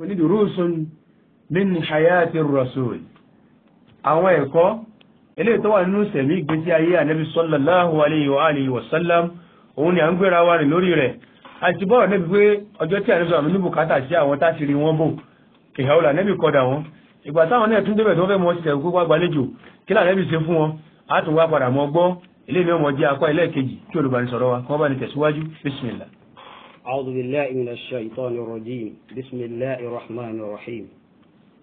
oní durusun min hayati rasul àwọn ẹ̀kọ́ eléyìí tó wà nínú sẹ̀mí ìgbésí ayé ànábi sallallahu alayhi wa alihi wa sallam òun ni à ń gbéra wa rìn lórí rẹ̀ àti bọ́ọ̀rọ̀ níbi pé ọjọ́ tí ànábi sọ̀rọ̀ ní bùkátà sí àwọn táṣìírí wọn bò ìhàwó lànẹ́bì kọdà wọn ìgbà táwọn náà tún débẹ̀ tó fẹ́ mọ ṣiṣẹ́ kó wá gbàlejò أعوذ بالله من الشيطان الرجيم بسم الله الرحمن الرحيم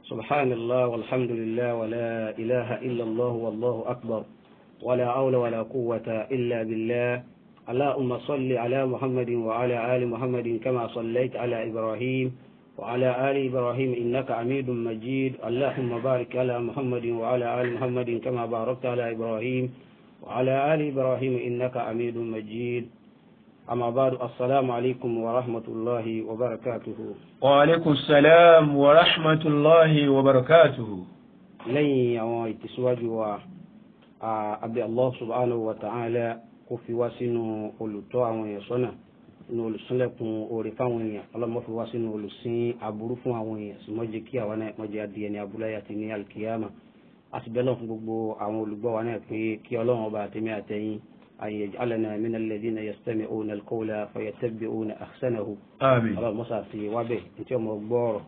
سبحان الله والحمد لله ولا إله إلا الله والله أكبر ولا عول ولا قوة إلا بالله اللهم صل على محمد وعلى آل محمد كما صليت على إبراهيم وعلى آل إبراهيم إنك عميد مجيد اللهم بارك على محمد وعلى آل محمد كما باركت على إبراهيم وعلى آل إبراهيم إنك عميد مجيد أما بعد السلام عليكم ورحمة الله وبركاته وعليكم السلام ورحمة الله وبركاته lẹ́yìn àwọn ìtẹ̀síwájú wa abẹ́ allah subhanahu wa ta'ala kó fi wá sínú olùtọ́ àwọn èèyàn sọ́nà ní olùsúnlẹ̀kùn oore fáwọn èèyàn ọlọ́mọ fi wá sínú olùsìn aburú fún àwọn èèyàn sì mọ́jẹ kí àwa náà mọ́jẹ adìyẹ ní abúláyé àti ní alkiyama a sì bẹ́ẹ̀ lọ́n fún gbogbo àwọn olùgbọ́ wa náà pé kí ọlọ́run ọba àtẹ̀mí àtẹ̀yìn أن يجعلنا من الذين يستمعون القول فيتبعون أحسنه آمين اللهم صل في وبه أنت يوم أكبر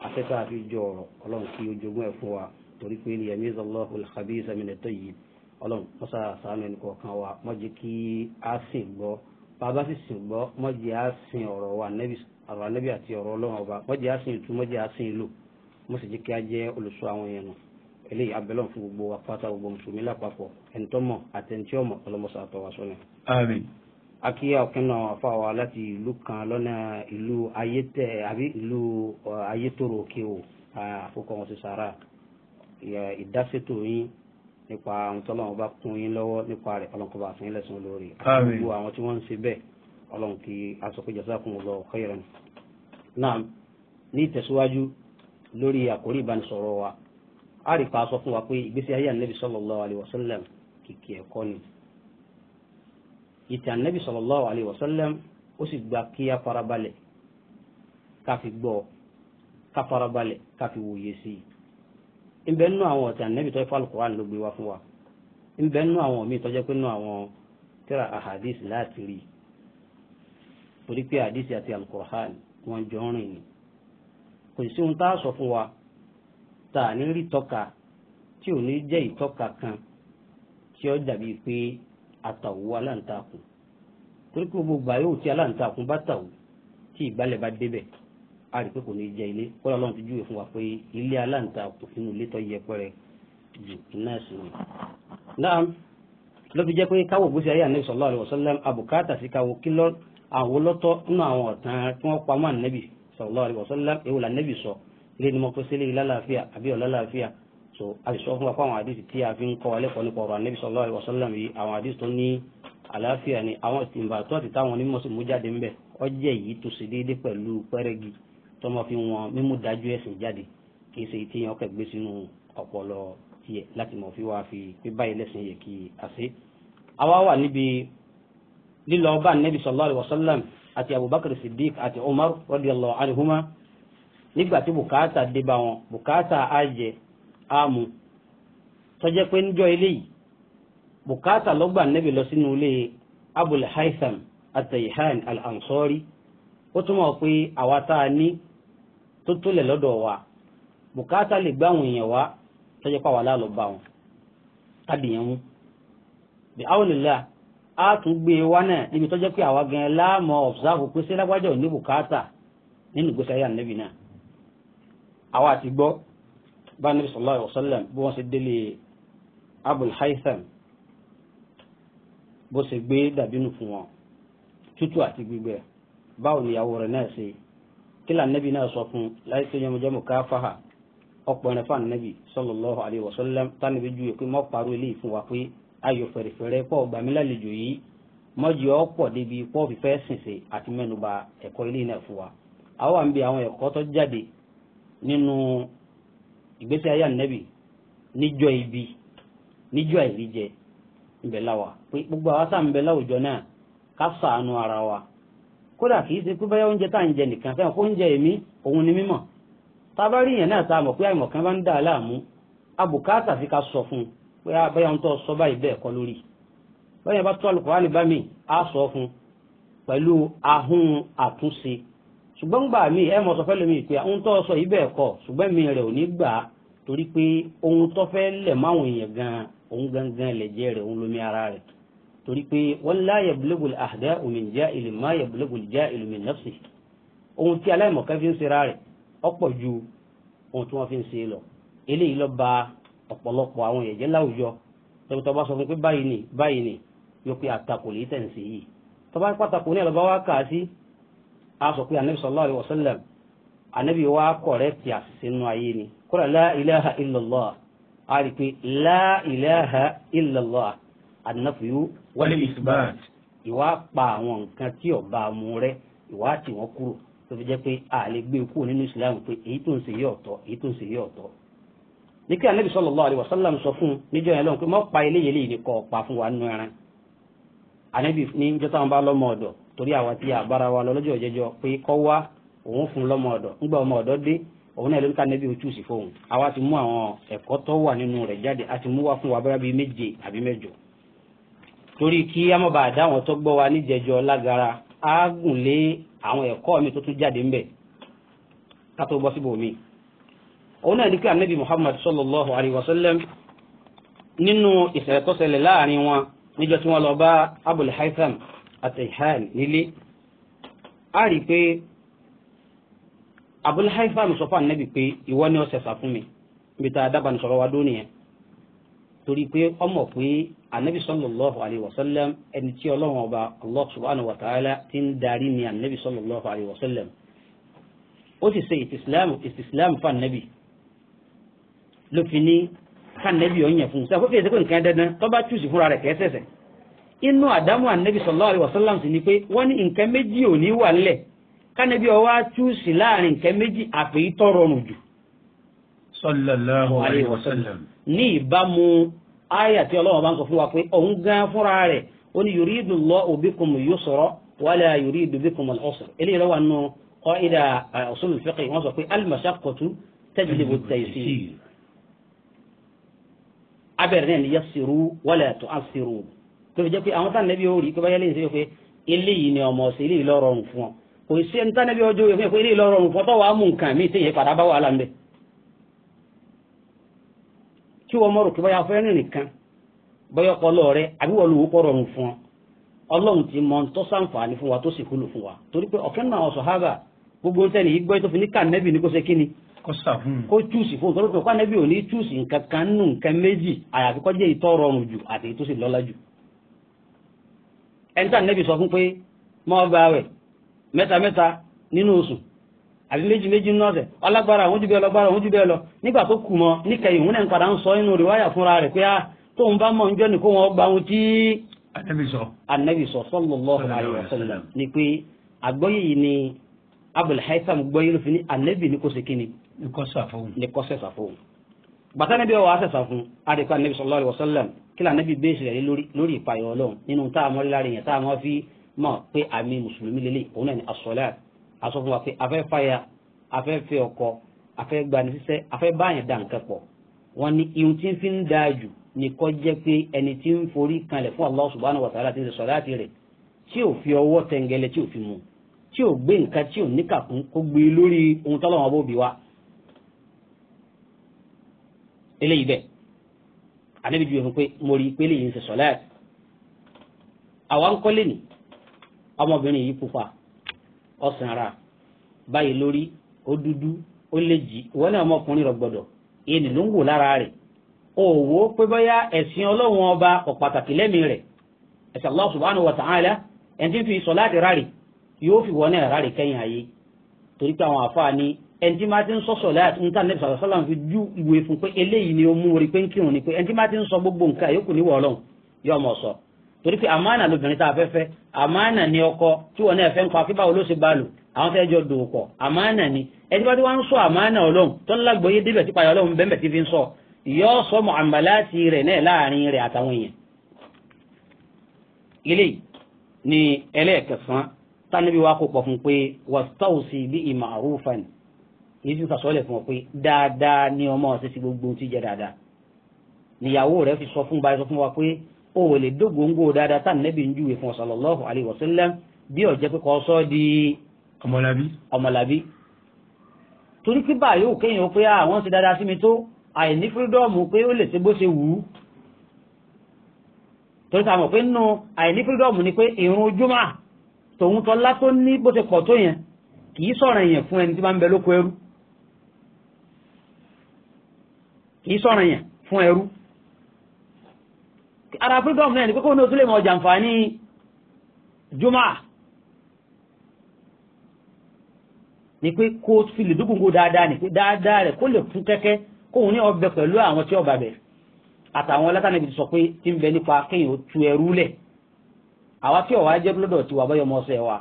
أتتا في جور اللهم كي يجمع فوا تريك من يميز الله الخبيث من الطيب اللهم مسا سامن كوكان وا مجكي أسين بو bàbá sì sìn gbọ́ mọ́jẹ́ á sin ọ̀rọ̀ wa ọ̀rọ̀ anábì àti ọ̀rọ̀ ọlọ́run ọba mọ́jẹ́ á sin ìtú mọ́jẹ́ á sin ìlú mo sì jẹ́ eléyìí abẹ́lẹ̀ fún gbogbo wa pátá gbogbo mùsùlùmí lápapọ̀ ẹ̀ńtọ́mọ̀ àtẹ̀ntíọ́mọ̀ ọlọ́mọṣà àtọwàṣọ ni. àmín. akíyà ọ̀kẹ́nà afa wa láti ìlú kan lọ́nà ìlú ayétẹ àbí ìlú ayétòrò òkè o àkókò wọn ti sàrà ìdáṣètò yín nípa àwọn tọ́lọ́wọ́n bá kún yín lọ́wọ́ nípa rẹ̀ ọlọ́nkọ́ba àfihàn lẹ́sùn lórí. àmín. gbogbo àwọn tí wọ́n ń ṣe bẹ́ẹ̀ ọlọ́run a rí pa sọ fún wa pé ìgbésí ayé ànábì sallallahu alaihi wasallam kìkì ẹ̀kọ́ ni ìtàn ànábì sallallahu alaihi wasallam ó sì gba kí a farabalẹ̀ ká fi gbọ́ ká farabalẹ̀ ká fi wòye sí i ń bẹ nínú àwọn ọ̀tí ànábì tó fà Al-Qur'an ló gbé wá fún wa ń nínú àwọn míì tó jẹ́ pé nínú àwọn tírà ahadith láti rí torí pé ahadith àti Al-Qur'an wọn jọ ń rìn ni kò sí ohun tá a sọ fún wa tá a ní rí tọ́ka tí ò ní jẹ́ ìtọ́ka kan tí ó dàbí pé àtàwọ aláǹtakùn torí pé gbogbo àyè òtí aláǹtakùn bá tàwọ tí ìgbálẹ̀ bá débẹ̀ a rí pé kò ní jẹ ilé kọ́lá ọlọ́run ti júwe fún wa pé ilé aláǹtakùn sínú ilé tó yẹ pẹ́rẹ́ jù iná sí ni. náà ló fi jẹ́ pé káwọ̀ gbèsè ayé ànábì sallallahu alaihi wasallam àbùkátà sí káwọ̀ kí lọ àwọn lọ́tọ́ nínú àwọn ọ̀tàn tí wọ́n pamọ́ ilé ni mo kó sílé ìlàlàáfíà àbí ọ̀làlàáfíà so a sì sọ fún wa fún àwọn àdìsí tí a fi ń kọ́ wa lẹ́kọ̀ọ́ nípa ọ̀rọ̀ anábì sallallahu alaihi wasallam yìí àwọn àdìsí tó ní àlàáfíà ni àwọn ìtìǹbàtọ́ àti táwọn onímọ̀ sì mú jáde ńbẹ̀ ọjẹ́ yìí tó ṣe déédéé pẹ̀lú pẹ́rẹ́gì tó máa fi wọn mímú dájú ẹ̀sìn jáde kì í ṣe tí yẹn ọkẹ́ gbé sínú ọpọlọ tiẹ̀ láti mọ̀ fi wá fi pé báyìí lẹ́sìn yẹ kí a àwa wà níbi lílọ bá anábì sallallahu alaihi àti Abubakar Siddiq àti Umar radiyallahu anhuma nígbà tí bùkátà dé bá wọn bùkátà á jẹ á mu tọ́jẹ́ pé níjọ́ eléyìí bùkátà lọ́gbà nẹ́bí lọ sínú ilé abul haitham atayihan al-ansori ó túmọ̀ pé àwa tá a ní tó tólẹ̀ lọ́dọ̀ wa bùkátà lè gbá àwọn èèyàn wá tọ́jẹ́ pàwọ́ aláàlọ́ bá wọn tàbíyàn mú bí àwọn ìlà á tún gbé e wá náà níbi tọ́jẹ́ pé àwa gan-an láàmú ọ̀bùsáàbù pé sí ní bùkátà nínú ìgbésẹ̀ ayé ànẹ́bí náà àwa àti gbọ́ bá nabi sallallahu alaihi wasallam bí wọ́n ṣe délé abul haitham bó ṣe gbé dàbínú fún wọn tútù àti gbígbẹ báwo ni ìyàwó rẹ̀ náà ṣe kí là nẹ́bí náà sọ fún láì tó yẹmọjẹmọ káfáhà ọpọrin fún ànẹ́bí sallallahu alaihi wasallam tánàbí ju èpè mọ́ parọ́ eléyìí fún wa pé ayọ̀ fẹ̀rẹ̀fẹ̀rẹ̀ pọ̀ gbàmílàlejò yìí mọ́jì ọ̀pọ̀ débi pọ́ fífẹ́ sìnṣe àti mẹ́nuba ẹ̀kọ́ ilé náà fún wa. àwa ń àwọn ẹ̀kọ́ tó jáde nínú ìgbésí ayé ànẹ́bì níjọ́ ibi níjọ́ àìríjẹ ńbẹ láwa pé gbogbo àwa tá ń bẹ láwùjọ náà ká ṣàánú ara wa kódà kì í ṣe pé báyọ̀ oúnjẹ tá à ń jẹ nìkan fẹ́ràn oúnjẹ èmi òun ni mímọ̀ tá a bá rí yẹn náà tá a mọ̀ pé àìmọ̀ kan bá ń dà á láàmú abùkátà fi ká sọ fún un pé báyọ̀ ń tọ́ sọ báyìí bẹ́ẹ̀ kọ́ lórí báyọ̀ bá tọ́ àlùkò wá bá mi á sọ fún un pẹ̀lú ahun àtúnṣe ṣùgbọ́n gbà mí ẹ mọ̀ sọ fẹ́ lómi ìpè ohun tó sọ yìí bẹ́ẹ̀ kọ́ ṣùgbọ́n mi rẹ̀ ò ní gbà á torí pé ohun tó fẹ́ lẹ̀ máwọn èèyàn gan òun gangan lẹ̀jẹ̀ rẹ̀ òun lómi ara rẹ̀ torí pé wọ́n lá yẹ̀bùlẹ́gùn àdá òmìn já ìlú má yẹ̀bùlẹ́gùn já ìlú mi nọ́ọ̀sì ohun tí aláìmọ̀kan fi ń ṣe ra rẹ̀ ọ̀pọ̀ ju ohun tí wọ́n fi ń ṣe lọ eléyìí ló ba ọ̀pọ̀lọpọ̀ àwọn èèyàn láwùjọ tọ́pọ̀tọ́ bá sọ fún pé báyìí ni báyìí ni yóò pé àtakò lè tẹ̀ ń ṣe yìí tọ́ bá ní àlọ́ bá wá kà á sí a sọ pé anabi sallallahu alayhi wa sallam anabi wa kọrẹ́tì àṣìṣe nínú ayé ni kódà la ilaha illallah a rí pé la ilaha illallah anafiyu wal isbat ìwà pa àwọn nǹkan tí ọba mu rẹ ìwà tí wọn kúrò tó fi jẹ́ pé a lè gbé e kúrò nínú islam pé èyí tó ń ṣe yí ọ̀tọ̀ èyí tó ń ṣe yí ọ̀tọ̀ ní kí anabi sallallahu alayhi wa sọ fún níjọ yẹn lọ́hùn pé mọ́ pa eléyìí lè kọ́ ọ̀pá fún wa nínú ẹran anabi ní níjọ́ táwọn bá lọ́mọ ọ̀dọ̀ torí àwọn tí àbára wa lọ́jọ́ ìjẹjọ pé kọ́ wá òun fún lọ́mọ ọ̀dọ̀ ńgbà ọmọ ọ̀dọ̀ dé òun náà ló ń ká nẹ́bí ojú sí fóun àwa ti mú àwọn ẹ̀kọ́ tó wà nínú rẹ̀ jáde a ti mú wá fún wa bẹ́rẹ́ bíi méje àbí mẹ́jọ torí kí a má bàa dá àwọn tó gbọ́ wa níjẹjọ lágara á gùn lé àwọn ẹ̀kọ́ mi tó tún jáde ńbẹ̀ ká tó bọ́ síbò mi òun náà ní pé muhammad sallallahu alayhi wa sallam nínú ìṣẹ̀lẹ̀ tó ṣẹlẹ̀ láàrin wọn níjọ́ tí wọ́n lọ bá abul haitham àtẹ̀hán nílé a rí i pé abul haifam sọ fún anabi pé ìwọ ni ó ṣẹ̀ṣà fún mi níbi tá a dábàá ní sọ̀rọ̀ wa dóni yẹn torí pé ọmọ pé anabi sallallahu alayhi wa sallam ẹni tí ọlọ́run ọba allah subhanahu wa ta'ala ti ń darí ni anabi sallallahu alayhi wa sallam ó sì ṣe ìtìsílám fún anabi ló ní ká anabi fún un sọ fún kí ẹ ṣe pé nǹkan dandan tó bá túùsì fúnra rẹ̀ kẹ́ sẹ̀sẹ̀ inú àdámù ànábì sallallahu alaihi wasallam sì ni pé wọ́n ní nǹkan méjì ò ní wà lẹ̀ kánẹ́bí ọwọ́ túùsì láàrin nǹkan méjì àfẹ́yí tọrọ rùn jù. sallallahu alaihi wasallam. ní ìbámu ayé àti ọlọ́wọ́ bá ń sọ fún wa pé òun gan fúnra rẹ̀ ó ní yuridullahu bikum yusra wala yuridu bikum al-usra eléyìí lọ́wọ́ nù qaida usul al-fiqh wọ́n sọ pé al-mashaqqatu tajlibu at-taysir abẹ́rẹ́ náà ni yassiru wala tu'assiru tó fi jẹ́ pé àwọn táwọn nẹ́bí ó rí pé báyá lè ń sọ pé eléyìí ni ọmọ ọ̀sẹ̀ eléyìí ló rọrùn fún ọ kò sí ẹni táwọn nẹ́bí ọjọ́ ìwé pé eléyìí ló rọrùn fún ọ tó wàá mú nǹkan mí sí ìyẹn padà bá wàhálà ń bẹ. kí wọ́n mọ̀rò pé báyá fẹ́ rìn nìkan báyá ọpọlọ rẹ àbí wọ́n lòó rọrùn fún ọ ọlọ́run ti mọ tó sàǹfààní fún wa tó sì kúlù fún wa torí pé ọ̀kẹ́ náà ọ̀sọ̀ hábà gbogbo ń tẹ́lẹ̀ ìgbọ́ tó fi ní kànẹ́bì ní kó ṣe kíni kó túùsì fún torí pé kànẹ́bì ò ní túùsì nǹkan kan nù nǹkan méjì àyàfi kó jẹ́ ìtọ́ rọrùn jù àti tó sì lọ́lá jù. ẹnta nẹ́bí sọ fún pé mọ́ ọgbà rẹ̀ mẹ́ta mẹ́ta nínú oṣù àbí méjì méjì nínú ọ̀sẹ̀ ọlágbára àwọn ojú bẹ́ẹ̀ lọ gbára àwọn ojú bẹ́ẹ̀ lọ nígbà tó kù mọ́ níkẹyìn òun náà ń padà ń sọ inú rìwáyà fúnra rẹ̀ pé á ah, tóun bá mọ̀ níjọ́ nìkó wọn gba ohun tí anabi sọ ni pé yìí ni bàtà níbi ọwọ́ àṣẹ̀sà fún àdìpá níbi sallallahu alaihi wasallam kí là níbi bẹ́ẹ̀sì rẹ̀ lórí ìpayọ̀ ọlọ́run nínú tá a mọ́ lára èèyàn tá a mọ́ fi mọ̀ pé àmì mùsùlùmí lélẹ̀ òun náà ni àsọ̀lá àsọ fún wa pé afẹ́ fàyà afẹ́ fẹ́ ọkọ afẹ́ gbani sísẹ́ afẹ́ báyàn dà nǹkan pọ̀ wọn ni ihun tí ń fi ń da jù ní kọ́ jẹ́ pé ẹni tí ń forí kanlẹ̀ fún Allah subhanahu wa ta'ala ti ń sọ̀lá ti rẹ̀ tí ò fi ọwọ́ tẹ̀ngẹ̀lẹ̀ tí ò fi mu tí ò gbé nǹkan tí ò níkàkún kó gbé lórí ohun tọ́lọ́wọ́n bó bi wa eléyìí bẹ́ẹ̀ ànábì ju ìfún pé mo rí i pé eléyìí ń ṣe sọ̀láàt àwa ń kọ́lé ni ọmọbìnrin yìí pupa ọ̀sán ara báyìí lórí ó dúdú ó lè jì ìwọ náà ọmọkùnrin rọ̀gbọ̀dọ̀ èyí ló ń wò lára rẹ̀ òwò pé bóyá ẹ̀sìn ọlọ́run ọba lẹ́mìí rẹ̀ ẹ̀sìn Allah ẹni tí máa ti ń sọ sọlẹ àti níta nẹbi sọlá sọlá fi ju ìwé fún pé eléyìí ni ó mú orí pé ń kírun ni pé ẹni tí máa ti ń sọ gbogbo nǹkan yòókù ní wọlọ́n yóò mọ̀ sọ torí pé àmánà lóbìnrin tá a fẹ́ fẹ́ àmánà ni ọkọ tí wọn náà fẹ́ ń pa kí báwo ló ṣe bá lò àwọn fẹ́ jọ dòwò pọ̀ àmánà ni ẹni tí ti wá ń sọ àmánà ọlọ́run tó ń lágbóyé débẹ̀ tí payọ̀ ọlọ́run bẹ́ẹ̀ ti fi ń sọ ni ẹlẹ́ẹ̀kẹsàn-án tánibí wa kò pọ̀ fún pé wàstáwùsì bíi èyí fi fàṣọlẹ̀ fún ọ pé dáadáa ni ọmọ ọ̀sẹ̀ sí gbogbo ohun tí jẹ́ dáadáa níyàwó rẹ̀ fi sọ fún báyìí sọ fún wa pé o ò lè dógóńgó dáadáa tá nẹ́bí ń júwe fún sallallahu alaihi wasallam bí ọ̀jẹ́ pé kọ́ sọ́ di ọmọlàbí ọmọlàbí torí pé báyìí ò kéèyàn pé àwọn ah, ti dáadáa sí mi tó àìní fírídọ́ọ̀mù pé ó lè ṣe bó ṣe wù ú torí sàmọ̀ pé nínú àìní fírídọ́ọ̀mù ni pé ìrun ojúmọ́ tòun tọ́lá tó ní bó ṣe pọ̀ tó yẹn kì í sọ̀rọ̀ yẹn fún ẹni tí máa ń bẹ lóko ẹrú kìí sọ̀rọ̀ yẹn fún ẹrú ara freedom náà ni kókó ní o tún lè mọ jàǹfààní jùmọ̀ ni pé kó fi lè dúkùnkú dáadáa ni pé dáadáa rẹ̀ kó lè fún kẹ́kẹ́ kóhun ní ọbẹ̀ pẹ̀lú àwọn tí ọba bẹ̀ àtàwọn látànàbì ti sọ pé tí ń bẹ nípa kéèyàn ó tu ẹrú lẹ̀ àwa tí ọ̀wá jẹ́ lọ́dọ̀ tí wà báyọ̀ mọ́sẹ̀ wa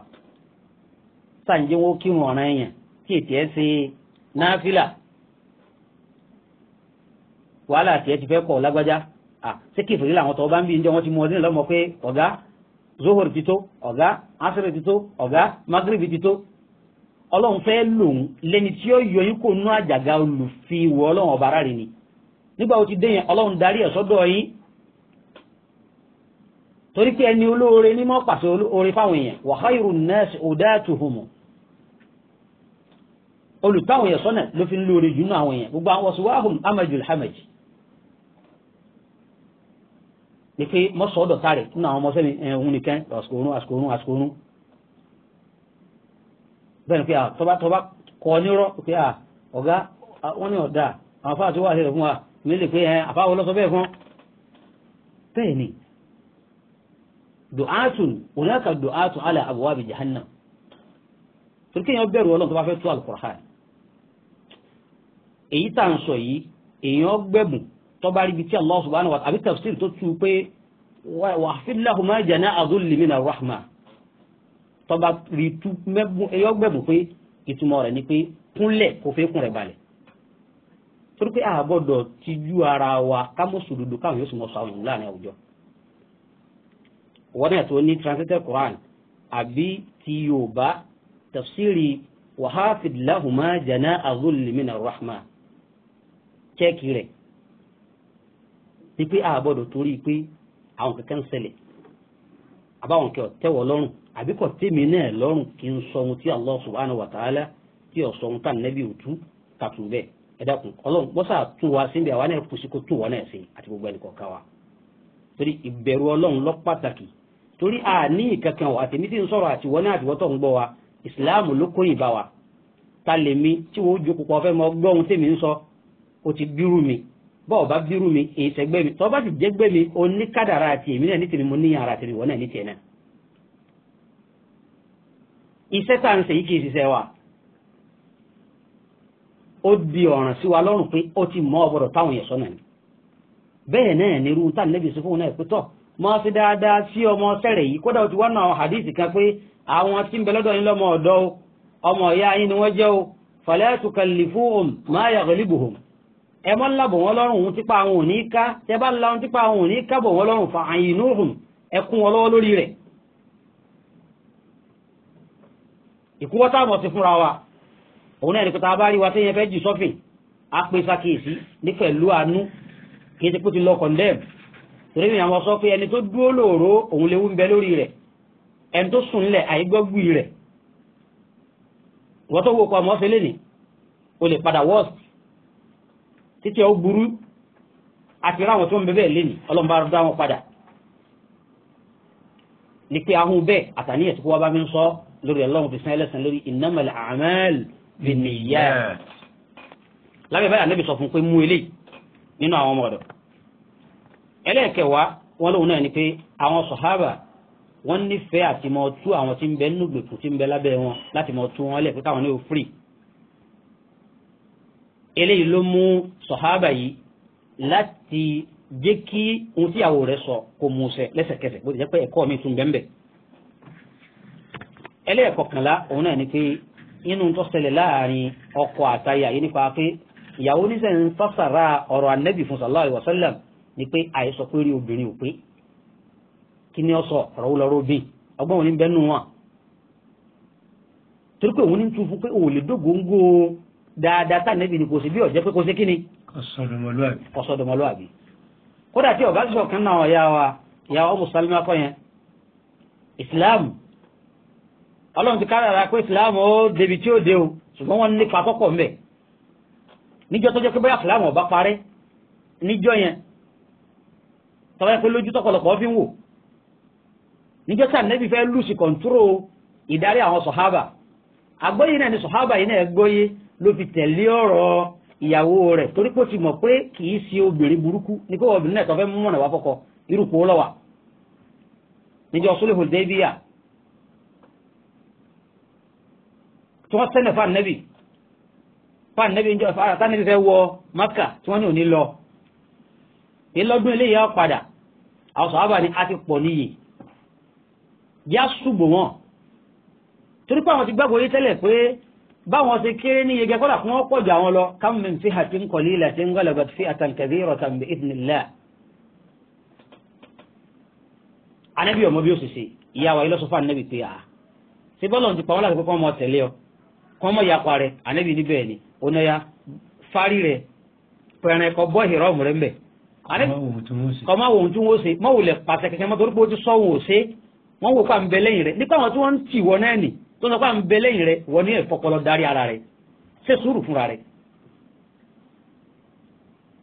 sàǹjẹ́wó kírun ọ̀ràn èèyàn tí ètì ẹ̀ ṣe náfìlà wàhálà tiẹ̀ ti fẹ́ kọ̀ lágbájá ṣé kìfìrí làwọn tọ́ bá ń bí ǹjẹ́ wọ́n ti mú ọdún lọ́mọ pé ọ̀gá zohor ti tó ọ̀gá asiri ti tó ọ̀gá magribi ti tó ọlọ́run fẹ́ lòun lẹ́ni tí ó yọ yín kó nú àjàgà olùfiwọ ọlọ́run ọ̀bára rẹ̀ ni nígbà wo ti dé yẹn ọlọ́run darí ẹ̀ sọ́dọ̀ yín torí pé ẹni olóore ní mọ́ pàṣẹ oore fáwọn èèyàn wa khairun nas udatuhum olùtàwọn èèyàn sọ́nà ló fi ń lóore jù nú àwọn èèyàn gbogbo àwọn sùwàhùn amajul hamaj ni pé mọ́sọ̀ọ́dọ̀ sáré nínú àwọn ọmọọṣẹ́ mi ẹ̀hún nìkan àsìkò orun àsìkò orun àsìkò orun bẹ́ẹ̀ ni pé tọ́ba tọ́ba kọ nírọ́ pé ọ̀gá wọ́n ní ọ̀dà àwọn afáà fún wa lè pé ẹ̀ àfáwọ́ lọ́sọ bẹ́ẹ̀ fún bẹ́ẹ̀ ni torí kéèyàn bẹ̀rù ọlọ́run tó bá fẹ́ tó èyí ń sọ yìí èèyàn gbẹ̀bùn tọ́ba ríbi tí allah subhanahu wa àbí tafsir tó tu pé wahfid lahuma janaha dhulli mina rahma tọ́ba rí tu ẹyọ gbẹ̀bù pé ìtumọ̀ rẹ̀ ni pé kúnlẹ̀ kò fẹ́ kún rẹ̀ balẹ̀ torí pé a gbọ́dọ̀ tijú ara wa ká mọ̀ sòdodo káwọn yóò sì mọ̀ sọ àwọn ìlú àwùjọ wọ́n náà tó ní translated quran àbí ti yorùbá tafsiri wahafid lahuma janaha dhulli mina rahma chẹ́ẹ̀kì rẹ̀ ni pé àbọ̀dọ̀ torí pé àwọn kankan ṣẹlẹ̀ àbáwọn kẹ́ ọ̀tẹ́wọ̀ lọ́rùn àbí kò tèmi náà lọ́rùn kí n sọ ohun tí Allah subhanahu wa ta'ala tí ò sọ ohun tá nẹ́bí òtú kàtó bẹ́ẹ̀ ẹ dákun ọlọ́run bọ́sà tún wa síbi àwa náà kù sí kó tún wa náà sí àti gbogbo ẹnì kọ̀ọ̀kan wa torí ìbẹ̀rù ọlọ́run lọ pàtàkì torí àní ìkankan wa àtẹ̀mí tí ń sọ̀rọ̀ àtiwọ́ náà àtiwọ́ tó ń gbọ́ wa ìsìláàmù ló kóyìn bá wa ta lèmi tí wọ́n jókòó pọ̀ fẹ́ mọ gbọ́ ohun tèmi ń sọ ó ti bírù mi bọ́ọ̀ bá bírú mi èyí sẹ́gbẹ́ mi tọ́ bá sì jẹ́gbẹ́ mi o ní kádàrá àti èmi náà ní tèmi mo níyàn ara tèmi wọ́n náà ní tiẹ̀ náà. iṣẹ́ tá à ń ṣe yìí kì í ṣiṣẹ́ wa ó di ọ̀ràn sí wa lọ́rùn pé ó ti mọ́ ọ̀bọ̀dọ̀ táwọn yẹn sọ́nà ni bẹ́ẹ̀ náà ní irú tá nílẹ̀ bìí fún náà pé tọ́ mọ́ sí dáadáa sí ọmọ sẹ́rẹ̀ yìí kódà ó ti wá náà àwọn hadith kan pé ẹ mọ́ ńlá bò wọ́n lọ́rùn òun tipa àwọn òní ká tẹ bá ńlá òun tipa àwọn òní ká bò wọ́n lọ́rùn fa àyínú hùn ẹ kún wọn lọ́wọ́ lórí rẹ̀ ìkúwọ́ táàbọ̀ ti fúnra wa òun náà ní kọta bá rí wa téèyàn fẹ́ jù sọ́fìn á pè sákèésí ní pẹ̀lú àánú kì í ti kú ti lọ kọ̀ndẹ́m torí mi àwọn sọ pé ẹni tó dúró lóòró òun léwu ń bẹ lórí rẹ̀ ẹni tó sùn nílẹ̀ àìgbọ́gbù rẹ̀ wọ́n tó wo pa títí ọ burú àti ráwọn tó ń bẹ bẹ́ẹ̀ lénìí ọlọ́mọba dá wọn padà ní pé ahun bẹ́ẹ̀ àtàníyàn tí kò wá bá mi ń sọ lórí ọlọ́run fi sàn ẹlẹ́sàn lórí innamal a'mal binniyat lábẹ́ báyà níbi sọ fún pé mú eléyìí nínú àwọn ọmọ ọ̀dọ̀ ẹlẹ́ẹ̀kẹwàá wọn lóun náà ni pé àwọn sọ̀hábà wọ́n nífẹ̀ẹ́ àti mọ̀ àwọn tí ń bẹ nínú tí ń bẹ lábẹ́ wọn láti mọ̀ wọn lẹ̀ káwọn ní o free eléyìí ló mú sọ̀hábà yìí láti jẹ́ kí ohun tí ìyàwó rẹ̀ sọ kó mú ṣẹ lẹ́sẹ̀kẹsẹ̀ bó ti jẹ́ pé ẹ̀kọ́ mi tún bẹ́ẹ̀ bẹ́ẹ̀. ẹlẹ́ẹ̀kọkànlá òun náà ni pé inú tó ṣẹlẹ̀ láàrin ọkọ àtaya yìí nípa pé ìyàwó níṣẹ́ ń fásàrà ọ̀rọ̀ anẹ́bì fún sallallahu alaihi ni pé àìsọ pé rí obìnrin ò pé kí ni ọ̀sọ̀ ọ̀rọ̀ wò lọ́rọ̀ bí ọgbọ́n òní bẹ́ẹ̀ wọn torí pé òun ní tún fún pé òun dógóńgó dáadáa tá nẹ́bí ni kò sí bí ọ̀jẹ́ pé kò sí kíni. ọ̀sọ̀dọ̀mọlúàbí. ọ̀sọ̀dọ̀mọlúàbí. kódà tí ọ̀gá sọ̀ kan náà ya wa ya wa ọmọ sálímà kọ́ yẹn ìsìláàmù ọlọ́run ti kára ara pé ìsìláàmù ó débi tí ó dé o ṣùgbọ́n wọ́n nípa kọ́kọ́ mbẹ̀ níjọ́ tó jẹ́ pé bóyá ìsìláàmù ọba parẹ́ níjọ́ yẹn tọ́ba yẹn pé lójú tọ́pọ̀lọpọ̀ fi ń wò níjọ́ tí ànẹ́bí fẹ́ lùsì kọ̀ǹtúrò ìdarí àwọn sọ̀hábà àgbọ́yé náà ni sọ̀hábà yìí náà gbọ́yé ló fi tẹ̀lé ọ̀rọ̀ ìyàwó rẹ̀ torí pé ó ti mọ̀ pé kì í ṣe obìnrin burúkú ní pé obìnrin náà tó fẹ́ mọ̀nà wá fọkọ irúpò lọ́wà níjọ́ sólè hùdẹ́bíyà tí wọ́n sẹ́nẹ̀ fáà nẹ́bì fáà nẹ́bì ń jọ ara tá nẹ́bì fẹ́ wọ maka tí wọ́n ní òní lọ ìlọ́dún eléyìí á padà àwọn sọ̀hábà ni a ti pọ̀ níyì yá ṣùgbọ́n wọn torí pé àwọn ti gbàgbọ́ yé tẹ́lẹ̀ pé báwọn ṣe kéré ní yege kọ́lá fún ọ̀pọ̀ jù àwọn lọ kam min fihatin qalilatin ghalabat fi'atan kathiratan bi idhnillah. anabi ọmọ bí ó sì ṣe ìyá wa ilé sọfà anabi pé a ah, ṣe bọ́lá ti pa wọn láti pé kọ́ ọmọ tẹ̀lé ọ kọ́ ọmọ ìyapa rẹ anabi níbẹ̀ ni ọ̀nà ya fárí rẹ pẹ̀rẹ̀ kọ́ bọ́ ìhìrọ̀ ọ̀mù rẹ ń bẹ̀. kọ́ máa wo ohun tí wọ́n ṣe mọ́wùlẹ̀ pàṣẹ kẹ̀kẹ́ mọ́tò tó sọ pé à ń bẹ lẹ́yìn rẹ wọ́n ní ìfọpọlọ darí ara rẹ ṣe sùúrù fúnra rẹ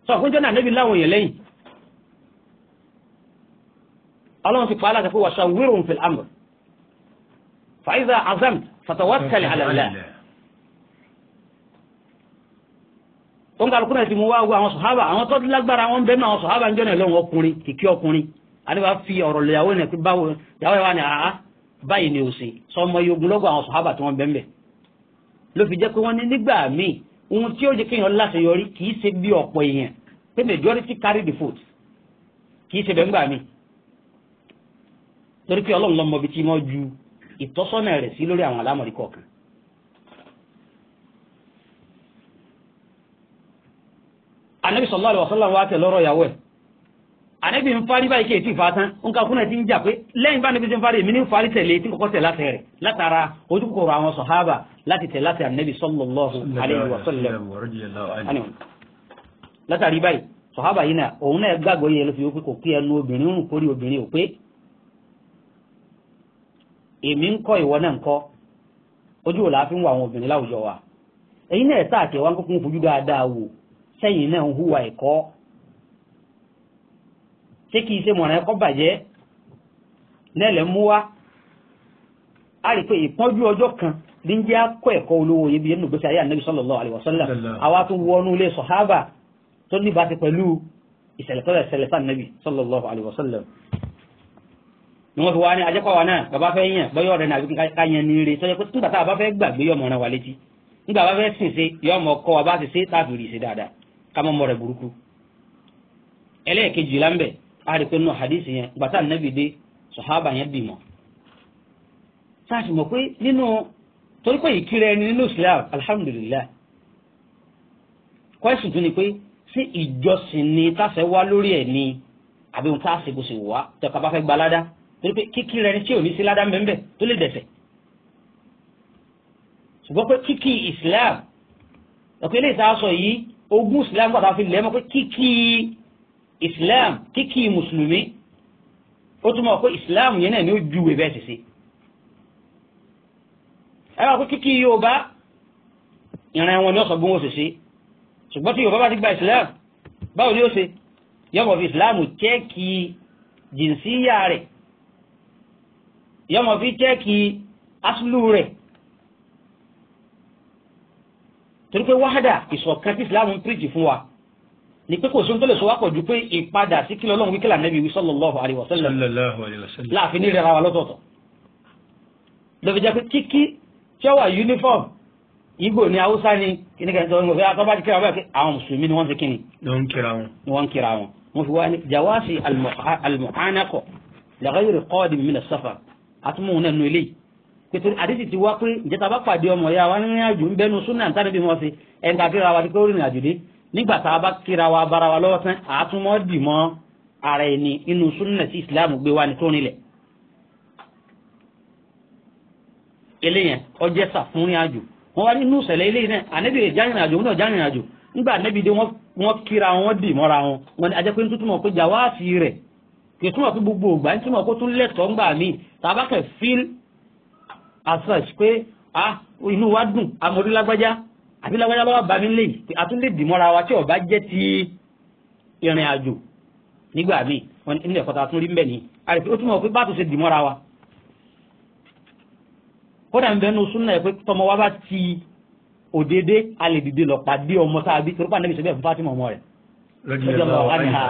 sọ fún jọ́nà níbi láwọn èèyàn lẹ́yìn ọlọ́run ti pa á láti fún wàṣà wíìrùn fil amr fàáìzà azam fatawakkal ala Allah ó ń kálukú náà ti mú wá wá àwọn sọ̀hábà àwọn tó lágbára wọn bẹ́ẹ̀ náà sọ̀hábà ń jọ́nà lọ́wọ́ ọkùnrin kìkì ọkùnrin àdébà ọ̀rọ̀ lẹ́yàwó ẹ̀ pé báwo yàwó ẹ̀ wà ní àá báyìí ni ò sí sọmọ iye ogunlọ́gọ̀ àwọn sọ̀hábà tí wọ́n bẹ́ẹ̀ bẹ́ẹ̀ ló fi jẹ́ pé wọ́n ní nígbà míì ohun tí ó jẹ́ kéèyàn láṣeyọrí kì í ṣe bí ọ̀pọ̀ èèyàn pé majority carry the vote kì í ṣe bẹ́ẹ̀ nígbà míì torí pé ọlọ́run lọ́mọ ibi tí wọ́n ju ìtọ́sọ́nà rẹ̀ sí lórí àwọn alámọ̀rí kọ̀ọ̀kan. anabi sallallahu alaihi wa tẹ lọ́rọ̀ ìyàwó ẹ̀ ànẹ́bí ń fárí báyìí kéètì ìfàtán nǹkan kúnlẹ̀ ti ń jà pé lẹ́yìn bá níbi tí ń fárí èmi ní fárí tẹ̀lé tí kọ́kọ́ tẹ̀ látara ojú kòkòrò àwọn sọ̀hábà láti tẹ̀ láti ànẹ́bí sallallahu alaihi wasallam. látàrí báyìí sọ̀hábà yìí náà òun náà gbàgbọ́ yẹ ló fi wípé kò pé ẹnu obìnrin rùn kórí obìnrin ò pé èmi ń kọ́ ìwọ náà ń kọ́ ojú òlà fi ń wà àwọn obìnrin láwùjọ wa ẹ̀yin náà ẹ̀ ṣé kìí se mọ̀ràn ẹ̀kọ́ bàjẹ́ nẹ́lẹ̀ mú wá a rí pé ìpọ́njú ọjọ́ kan ní jẹ́ akọ́ ẹ̀kọ́ olówó yẹbi nínú gbèsè ayé ànábi sallallahu alaihi wasallam àwa tó wọnú ilé sọ̀hábà tó níbà ti pẹ̀lú ìṣẹ̀lẹ̀ tó ṣẹlẹ̀ sáà nàbì sallallahu alaihi wasallam ni wọ́n fi wá ní ajẹ́kọ̀ọ́ wa náà bàbá fẹ́ yàn a rí pé nínú hadisi yẹn gbàtà nẹ́bì dé sọ̀hábà yẹn bímọ. sáàsì mọ̀ pé nínú torí pé ìkírẹ ẹni nínú islam alhamdulillah kwẹ́sì tún ni pé ṣé ìjọsìn ni táṣẹ wá lórí ẹ̀ ni àbí ohun táṣe kò sì wá tẹ̀ka bá fẹ́ gba ládá torí pé kíkírẹ ẹni tí ò ní sí ládá mẹ́mbẹ̀ tó lè dẹ̀sẹ̀ ṣùgbọ́n pé kíkí islam ọ̀pẹ́ ilé ìta sọ yìí ogún islam gbàtà fi lẹ́mọ́ pé kíkí islam kíkì mùsùlùmí ó túmọ̀ pé islam yẹn náà ni ó juwèé bẹ́ẹ̀ ti ṣe ẹ bá pé kíkì yorùbá ìran wọn ni ó sọ bí wọn ṣe ṣe ṣùgbọ́n tí yorùbá bá ti gba islam báwo ni ó ṣe yọmọ fi islam chẹ́ẹ̀kì jìnsíyà rẹ̀ yọmọ fi chẹ́ẹ̀kì aslu rẹ̀ torí pé wáhádà ìṣọ̀kan tí islam ń píríjì fún wa ni pé kò sí ohun tó lè sọ wá pọ̀ ju pé ìpadà sí kí lọ́lọ́run wíkẹ́lá nẹ́bí wí sallallahu alaihi wasallam láàfin ní ìrẹ́ra wa lọ́tọ̀ọ̀tọ̀ lọ́fi jẹ́ pé kíkí tí ó wà uniform Ìgbò ni Haúsá ni kíníkà tó ń gbọ́ fẹ́ àtọ́bá ti kíra wọn pé àwọn mùsùlùmí ni wọ́n fi kíni. wọ́n kíra wọn. wọ́n kíra wọn wọ́n fi wá ní jawasi almuhanakọ lẹ́gbẹ̀rẹ̀ kọ́ọ̀dì mímínà sáfà àtúmọ̀ wọn fi nígbà tá a bá kíra wa bára wa lọ́wọ́ tán àtúmọ̀ dì mọ́ ara ẹni inú súnà sí islam gbé wa ní tó nílẹ̀ eléyẹn ọjẹ́ sàfúnrin àjò wọ́n wá nínú ìṣẹ̀lẹ̀ eléyìí náà ànábì ìjánìrìn àjò náà jánìrìn àjò nígbà ànábì dé wọ́n kíra wọn dì mọ́ra wọn wọn ni ajẹ́ pé nítorí mọ̀ pé jàwáàsì rẹ̀ kì í túmọ̀ pé gbogbo ògbà ní túmọ̀ kó tún lẹ́tọ̀ọ́ ńgbà míì tàbá kẹ̀ fíl as pé ah inú wa dùn amórílágbájá àbí lágbájá lọ́wọ́ bá mi lè àtúndé dìmọ́ra wa tí ọba jẹ́ ti ìrìn àjò nígbà míì wọn ní ẹ̀kọ́ ta tún rí mbẹ́ ni àrètí ó túmọ̀ pé bá tó ṣe dìmọ́ra wa kódà ń bẹnu súnà ẹ̀ pé tọmọ wa bá ti òdédé a lè dìde lọ pàdé ọmọ sáàbí torí pàdé ìṣẹ́bẹ̀ fún Fatima ọmọ rẹ̀ lọ́jọ́ wa ni ha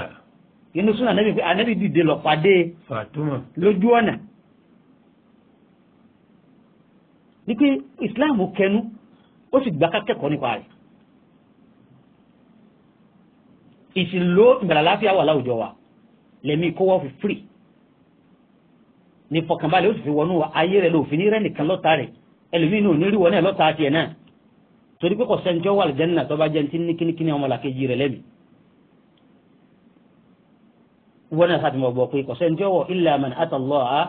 inú súnà nẹ́bí pé anẹ́bí dìde lọ pàdé lójú ọ̀nà ní pé Islam kẹnu ó sì gbà kákẹ́kọ̀ọ́ nípa rẹ̀ ìsìnlò ìgbàlálàáfíà wà láwùjọ wa lẹ́mí kówó fi firi ní fọkànbalẹ̀ ó sì fi wọnú ayé rẹ̀ lòfin ní rẹ́nìkan lọ́ta rẹ̀ ẹlòmíín náà onírìwọ náà lọ́ta tiẹ̀ náà torí pé kò sẹ́ńtọ́ wà lẹ́jẹ̀ náà tọ́ba jẹ́ ní kíníkíní ọmọ làkejì rẹ̀ lẹ́mí wọn náà sàtìmọ̀ gbọ́ pé kò sẹ́ńtọ́ wọ illa man atallaha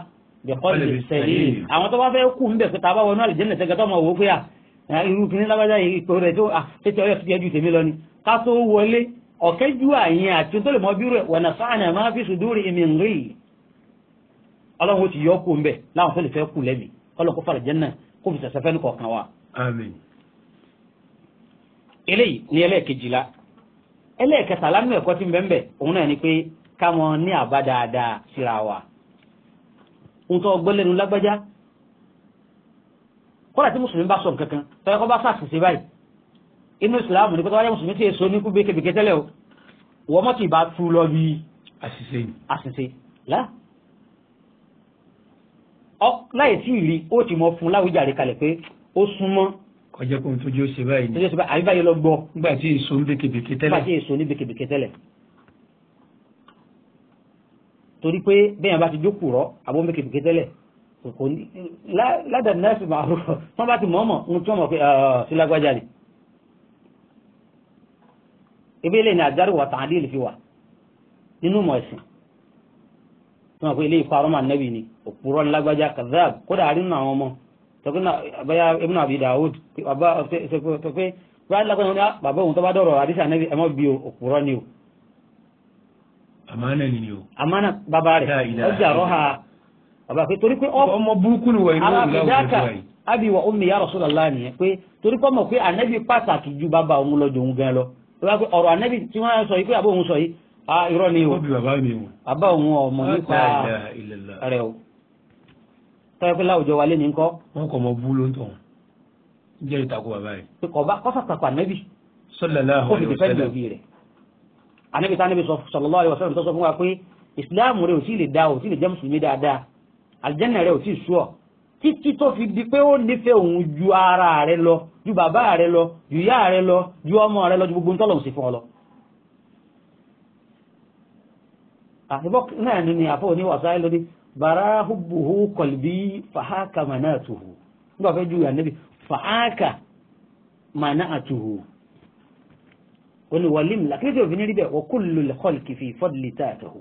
bi qalbin salim àwọn tó bá fẹ́ kú ń bẹ̀ pé tá a bá wọnú àlìjẹ́ náà irú kìíní lágbájá ipò rẹ̀ tó àtẹ́tẹ́ ọyọ́ fìdí ẹjú tèmi lọ ni ká tó wọlé ọ̀kẹ́ ju àyìn àti tó lè mọ bí rẹ̀ wọ̀nà sáànà máa fi sùdúrì ìmì ń rí ọlọ́run ó ti yọ kó ń bẹ̀ láwọn tó lè fẹ́ kú lẹ́mí ọlọ́run kó fàlẹ̀ jẹ́nà kó fi sẹ̀sẹ̀ fẹ́ni kọ̀ọ̀kan wa. àmín. eléyìí ni ẹlẹ́ẹ̀kejìlá ẹlẹ́ẹ̀kẹta lánàá ẹ̀kọ́ ti ń bẹ́ẹ̀ òun náà ni pé ká mọ ní àbá dáadáa síra wa. ń tọ́ gbọ́lẹ́nu lágbájá kọ́lá tí mùsùlùmí bá sọ nǹkan kan tọ́yẹ kọ́ bá sàṣìṣe báyìí inú ìsìláàmù ní pẹ́tọ́wáyé mùsùlùmí tí èso níkú bẹ́ẹ̀ kébèké tẹ́lẹ̀ o wọ́n mọ̀ tí ìbá tú lọ bí àṣìṣe lá láyé tí ìrí ó ti mọ fún láwùjáre kalẹ̀ pé ó súnmọ́ kọjá kó n tó jẹ́ òṣè báyìí tójú òṣè báyìí àbí báyìí lọ gbọ́ nígbà tí èso ní bẹ́kẹ̀bẹ̀kẹ̀ tẹ́lẹ̀ nígbà tí èso ní bẹ́kẹ̀bẹ̀kẹ̀ tẹ́lẹ̀ torí pé bẹ́ẹ̀ bá ti jókòó rọ àbọ̀ bẹ́kẹ̀bẹ̀kẹ̀ tẹ́lẹ̀ kò ní ládàá nọ́ọ̀sì máa rú wọ́n bá ti mọ̀ mọ̀ ohun tí wọ́n mọ̀ pé ah, sí lágbájá ni ebi eléyìí ni àjárò wà tàn àdéhìlì fi wà nínú mọ̀ ẹ̀sìn tí wọ́n pé eléyìí parọ́ màá nẹ́bì ni òpùrọ́ lágbájá kazab kódà àrínú àwọn ọmọ tọ́kínà àbáyá ibùnà àbí dàwùd bàbá pé báyá lágbájá ní ah, bàbá òun tó bá dọ̀rọ̀ àdísà nẹ́bì ẹmọ́ bí òpùrọ́ ni o. àmánà ni o. àmánà bàbá rẹ̀ ọjà rọ́ha bàbá pé torí pé ọmọ burúkú ni wà inú ìlà òkèèrè yìí. abi wa ummi ya Rasulullah nìyẹn pé torí pé ọmọ pé ànábì pàtàkì ju bàbá òun lọ jòun gan lọ bàbá pé ọ̀rọ̀ ànábì tí wọ́n sọ yìí pé àbó òun sọ yìí a irọ́ ni o bàbá òun ọmọ nípa rẹ o tọ́yọ̀ pé láwùjọ wa lé ní kọ́. wọn kò mọ bú ló ń tọ̀ jẹ́ ìtako bàbá rẹ̀. pé kọ́ bá kọ́sà tako ànábì. sallallahu alaihi wasallam ànábì tá ànábì sallallahu alaihi wasallam tó sọ fún wa pé ìsìláàmù rẹ̀ ò sì lè dá ò sì lè jẹ́ mùsùlùmí dáadáa àlìjẹ́nà rẹ̀ ò sì sú ọ títí tó fi di pé ó nífẹ̀ẹ́ òun ju ara rẹ lọ ju bàbá rẹ lọ ju ìyá rẹ lọ ju ọmọ rẹ lọ ju gbogbo ntọ́lọ̀ sí fún ọ lọ. àtibọ́ náà ni ni àfọ òní wàsáyé lóde bàrá hubuhu kọlbí fàhákà màná àtùhù nígbà fẹ́ ju ànábì fàhákà màná àtùhù ó ní wàlímù làkìrìtì òfin níbẹ̀ wọ́n kúlù lẹ́kọ́lì kìfì fọ́dìlì táàtùhù.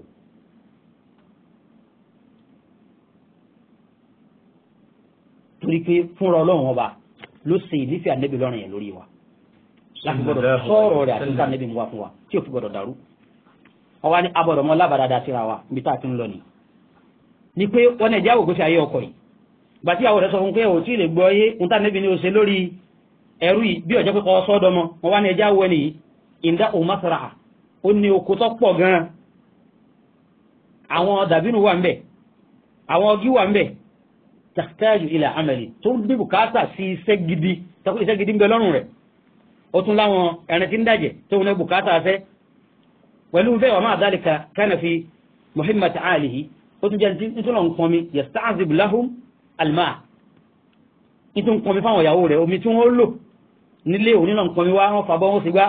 torí pé fúnra ọlọ́run ọba ló ṣe ìnífẹ̀ ànẹ́bí lọ́rùn yẹn lórí wa láti gbọ́dọ̀ sọ̀rọ̀ rẹ̀ àti ànẹ́bí ń wá fún wa tí ò fi gbọ́dọ̀ dàrú ọwá ní abọ́dọ̀ mọ́ lábàdàdà síra wa níbi tá a ti ń lọ ni ni pé wọn ẹ̀jẹ̀ àwòkó sí ayé ọkọ yìí gbàtí àwọn rẹ̀ sọ fún pé ò lè gbọ́ yé ń tà níbi ni ó ṣe lórí ẹrú yìí bí ọjọ́ pípọ̀ sọ́dọ̀mọ́ wọn wá ní ẹ̀jẹ̀ àwọ̀ ẹni ìdá òmásàrà ó ní oko tó pọ̀ gan-an àwọn dàbínú wà ń bẹ̀ àwọn ọgí wà ń bẹ̀ tàktájú ilẹ̀ amẹ̀lì tó bí bùkátà sí iṣẹ́ gidi tọ́kù iṣẹ́ gidi ń bẹ lọ́rùn rẹ̀ ó tún láwọn ẹran tí ń dàjẹ́ tó wọn bùkátà fẹ́ pẹ̀lú bẹ́ẹ̀ wà máa dálìka kánà fi muhammad alihi ó tún jẹ́ nítorí nǹkan mi yasta'zib lahum alma nítorí nǹkan mi fáwọn ìyàwó rẹ̀ omi tí wọ́n lò nílé òní náà nǹkan mi wá wọn fàbọ́ wọn sì gbá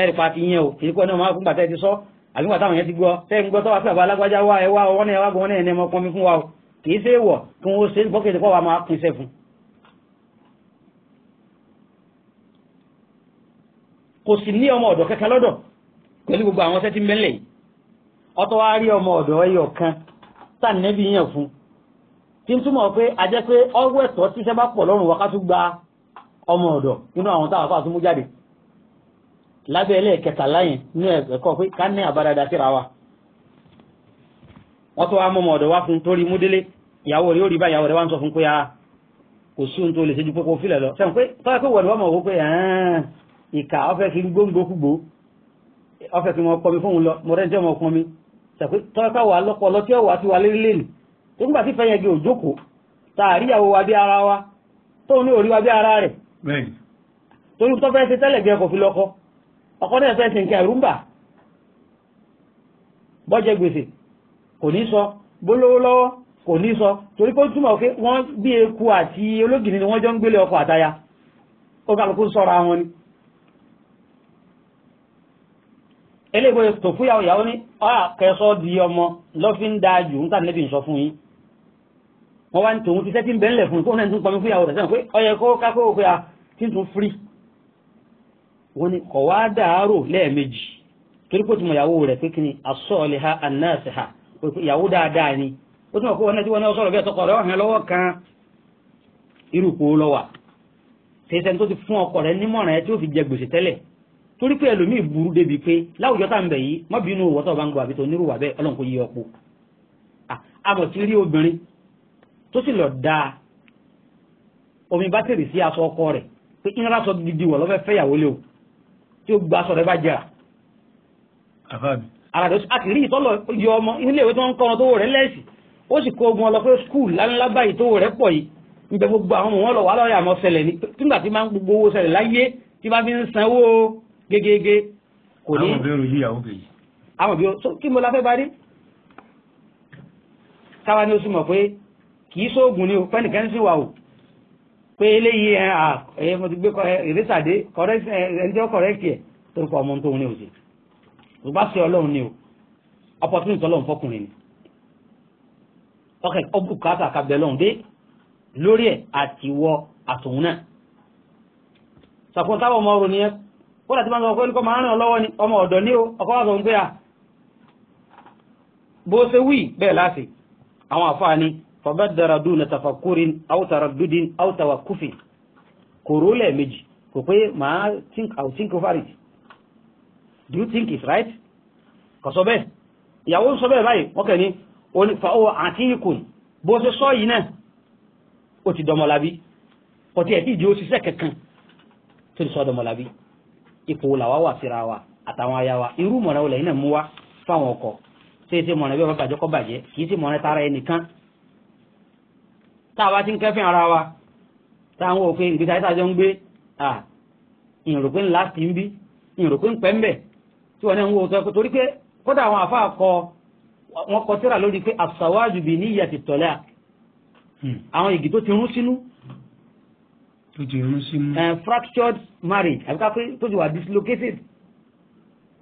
ẹ̀rì pa yẹn o kì í kọ́ náà máa ti sọ àbí gbàtà àwọn yẹn ti gbọ́ tẹ́ ń gbọ́ tọ́wọ́ sí àbá alágbájá wá ẹ wá ọwọ́ náà wá gbọ́ náà ẹni ẹmọ kan mi fún wa o kìí ṣe wọ̀ kí wọ́n ṣe gbọ́kẹ̀ẹ́sẹ̀ pọ̀ wà máa pín sẹ́fún kò sì ní ọmọ ọ̀dọ̀ kankan lọ́dọ̀ pẹ̀lú gbogbo àwọn ṣẹ́ tí ń bẹ́lẹ̀ yìí ọtọ́ wá rí ọmọ ọ̀dọ̀ ẹyọ kan tànẹ́bí yàn fún tí ń túmọ̀ pé a jẹ́ pé ọwọ́ ẹ̀tọ́ tí iṣẹ́ bá pọ̀ lọ́rùn wákàtú gba ọmọ ọ̀dọ̀ nínú àwọn táwọn fáwọn tó mú jáde lábẹ́ ẹlẹ́ẹ̀kẹta láyìn ní ẹ̀kọ́ pé ká ní àbádádá síra wa wọ́n tó wá mọ́ ọmọ ọ̀dọ̀ wá fún torí múdélé ìyàwó rẹ̀ yóò rí bá ìyàwó rẹ̀ wá ń sọ fún pé ah, kò sí ohun tó lè ṣe ju pé kò filẹ̀ lọ sẹ́wọ̀n pé tọ́lá pé wọ̀lú wà mọ̀ wọ́n pé ah, ìkà ọ̀fẹ́ fi gbóngbó kúgbó ọ̀fẹ́ fi wọn kọmi fóun lọ mo rẹ́ jẹ́ ọmọ ọkùnrin mi sẹ́wọ̀n pé tọ́lá pé wà lọ́pọ̀ lọ tí ó wà tí wà lérí lẹ́nu tó ń gbà tí fẹ́yẹn gé òjókòó tá a rí ìyàwó wa bí ara wa tóun ní òrí wa bí ara rẹ̀ torí tó fẹ́ ṣe tẹ́lẹ̀ gẹ́ kò fi lọ́kọ́ ọkọ náà fẹ́ ṣe nǹkan ẹ̀rú ń bà bọ́jẹ gbèsè kò ní sọ bólówó lọ́wọ́ kò ní sọ torí pé ó túmọ̀ pé wọ́n bí eku àti ológìní ni wọ́n jọ ń gbélé ọkọ àtaya ó ọ sọ́ra wọn ni eléèbó tó fúyàwó ìyàwó ní ọ́yà kẹsọ́ di ọmọ lọ́fí ń dáa jù ń tà níbi fún yín wọ́n wá ní ti sẹ́tí bẹ́ńlẹ̀ fún kó náà tún pọnmi fúyàwó rẹ̀ sẹ́wọ̀n pé ọyẹ kó kákó pé a ti tún firi wọ́n ní kọ̀ wá dàárò lẹ́ẹ̀mejì torí pé ó ìyàwó rẹ̀ pé kí ni asọ́ọ̀lẹ̀ ha anáàsì ó túnmọ̀ pé wọn náà tí wọn náà sọ̀rọ̀ bí ẹ̀tọ́kọ̀ rẹ̀ ọ̀hìn lọ́wọ́ kan irú ipò lọ́wà tẹ̀sán tó ti fún ọkọ rẹ̀ nímọ̀ràn ẹ tí ó fi jẹ gbèsè tẹ́lẹ̀ torí pé ẹlòmíì burú débi pé láwùjọ tá à ń bẹ̀ yìí mọ́ bínú òwò tó bá ń gbọ́ àbí tó nírú wà bẹ́ẹ̀ ọlọ́run kò yí ọ̀pọ̀ àmọ̀ tí rí obìnrin tó sì lọ da omi bátìrì sí aṣọ ọkọ rẹ̀ pé ìnira sọ gidi wọ̀ lọ́fẹ́ fẹ́yàwó lé o tí ó gba aṣọ rẹ̀ bá jẹrà ara rẹ̀ àti rí ìtọ́lọ̀ yọ ọmọ ilé ìwé tí wọ́n ń kọ́ wọn tó wò rẹ̀ lẹ́sìn ó sì kó ogun ọlọ pé skul lánlá báyìí tó rẹ̀ pọ̀ yìí níbẹ̀ gbogbo àwọn ọmọ wọn lọ wà lọ́yà àmọ́ ṣẹlẹ̀ ní nígbà tí máa ń gbogbo owó ṣẹlẹ̀ láyé tí bá fi ń sanwó gegege kò ní. àwọn ìbéèrè yìí àwọn kejì. àwọn ìbéèrè so kí mo la fẹ́ bá rí. káwa ni ó sì mọ̀ pé kì í sóògùn ni o pẹ́nìkan sì wà o pé eléyìí ẹ à ẹ mo ti gbé ìrísàdé ẹnjẹ́ kọ̀rẹ́kì ẹ̀ tó ń pa ọmọ tó ń ní òsì. ìgbà sí ọlọ́run ni o opportunity ọlọ́run fọkùnrin ni ọkẹ ọbùkátà kábẹ lọhùn dé lórí ẹ àtiwọ àtòun náà sàkóńtà ọmọ ọrùn nìyẹn kódà tí wọn sọ pé nǹkan máa ń ràn lọ́wọ́ ni ọmọ ọ̀dọ̀ ni ó ọkọ wa sọ pé à bó ṣe wí bẹ́ẹ̀ láti àwọn àfààní fọbẹdàrà dùn náà tàfàkùrin àwòtàrà dùdín àwòtàwà kùfì kò ró lẹ́ẹ̀mejì kò pé màá think i will think over it do you think it's right kò sọ bẹ́ẹ̀ ìyàwó sọ bẹ́ẹ̀ báyìí wọ́n kẹ́ ni onífàáwọ̀ àti ikùn bó ṣe sọ yìí náà ó ti dọmọlábí ọtí ẹ̀ tíjì ó ṣiṣẹ́ kankan tó ti sọ dọmọlábí ipò làwa síra wa àtàwọn aya wa irú mọ̀nà olè iná mú wa fáwọn ọkọ̀ ṣé ṣe mọ̀nà bí ọba bàjẹ́ kọ́ bàjẹ́ kì í ṣe mọ̀nà tara ẹnìkan táwa ti ń kẹ́fìn ara wa táwọn òfin ìgbésí ayé tàjọ ń gbé à ìròpé ńlá ti ń bí ìròpé ń pẹ́ ń bẹ̀ tí wọ́n náà ń wo sọ torí pé kódà àwọn àfa wọ́n kọ síra lórí pé àfàwájú bíi ní ìyàtì tọ́lá àwọn igi tó ti rún sínú. tó ti rún sínú. Eh, fractured marriage àbíká pé tó ti wà dislocated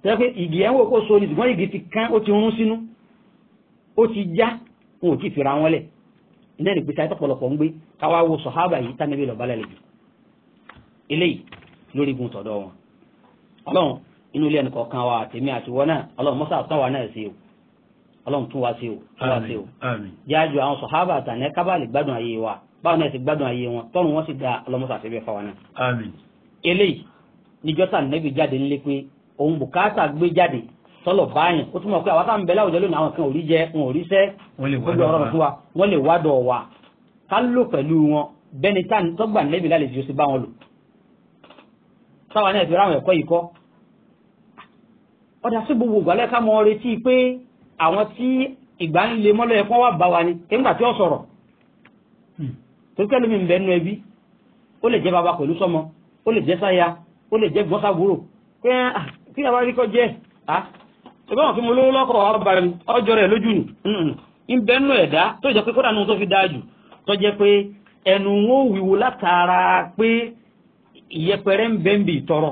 tẹ́ pé igi ẹ̀ ń wò kó so ni ṣùgbọ́n igi ti kán ó ti rún sínú ó ti já wọn ò tí ì fira wọn lẹ̀ ilé ní gbèsè àtọ́pọ̀lọpọ̀ ń gbé káwá wo sọ̀hábà yìí tánibí lọ́ọ́ balẹ̀ lẹ́jọ́ eléyìí lórí igun tọ̀dọ̀ wọn ọlọ́run inú ilé ẹnìkọ̀ọ̀kan wa àtẹ̀mí àtiwọ́ náà ọlọ́run mọ́sà àtàwà náà ṣe o ọlọ́run tún wá sí o tún wá sí o jáàjù àwọn sọ̀hábà àtànẹ́ kábàlì gbádùn ayé wa báwọn náà ti gbádùn ayé wọn tọ́run wọn sì da ọlọ́mọsà síbẹ̀ fáwọn náà. eléyìí níjọ́ tà nẹ́bí jáde nílé pé òun bùkátà gbé jáde tọ́lọ̀ báyìí ó túmọ̀ pé àwọn táwọn bẹ láwùjọ lónìí àwọn kan ò rí jẹ wọn ò rí sẹ́ gbogbo ọ̀rọ̀ fún wa wọ́n lè wádọ̀ wa ká lò pẹ̀lú wọn bẹ́ni tọ́gbà nẹ́bí lálẹ́ ti yóò sì bá wọn lò táwa náà ti ráwọn ẹ̀kọ́ yìí kọ́ ọ̀dà sí gbogbo ìgbàlẹ́ ká mọ retí pé àwọn tí ìgbà ń le mọ́lọ́ ẹ̀kọ́ wà bá wa ni nígbà tí ó sọ̀rọ̀ tó kẹ́lu mi ń bẹ́ẹ̀ ẹbí ó lè jẹ́ bàbá pẹ̀lú sọmọ ó lè jẹ́ sáya ó lè jẹ́ gbọ́sàbúrò pé kí àwa rí kọ́ jẹ́ à ṣùgbọ́n àwọn tí mo lówó lọ́kọ̀ ọba mi ọjọ́ rẹ̀ lójú ni hmm. ń bẹ́ẹ̀ nu ẹ̀dá tó jẹ́ pé kódà nu tó fi dáa jù tó jẹ́ pé ẹnu wọn ò wíwo látara pé ìyẹpẹrẹ ń bẹ́ẹ̀ ń bì tọrọ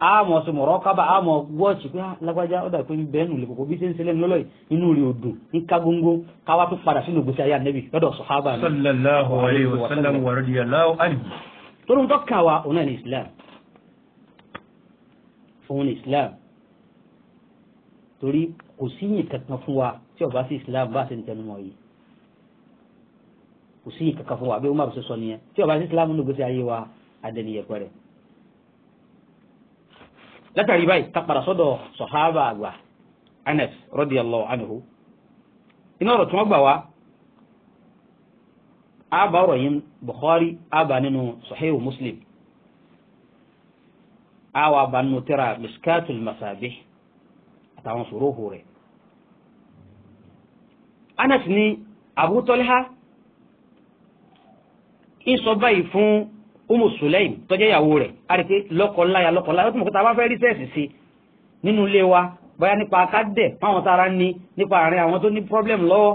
àmọ́ sí mọ̀rọ́ kábà àmọ́ wọ́ọ̀ṣì pé ah, lágbájá ọ̀dà pé bẹ́ẹ̀nù lè kókó bí ṣe ń ṣe lẹ́nu lọ́lọ́ inú rẹ̀ odò ń ká góńgó káwá tó padà sínú ògbésí ayé ànẹ́bì lọ́dọ̀ sọ̀hábà ní. sallallahu alayhi wa sallam wa radiyallahu anhu. torí wọn tó islam òun islam torí kò síyìn kankan fún wa tí islam bá ṣe ń tẹnu mọ́ yìí kò síyìn kankan fún islam ní wa adẹniyẹ pẹrẹ látàrí báyìí kápára sọ́dọ̀ sọ̀hábà àgbà anas radiyallahu anhu iná ọ̀rọ̀ tí wọ́n gbà wá àbá ọ̀rọ̀ yìí bukhari àbá nínú sahihu muslim àwa àbá nínú tírà miskatul masabih àtàwọn sòróhù rẹ̀ anas ní abu talha ń sọ báyìí fún umu sulaim tọ́jẹ́ ìyàwó rẹ̀ a rí pé lọ́kọ̀ọ́láya lọ́kọ̀ọ́láya ó tún mọ̀ pé ta bá fẹ́ rí sí nínú ilé wa bóyá nípa akádẹ̀ fáwọn tára ní nípa àárín àwọn tó ní pọ́blẹ́mù lọ́wọ́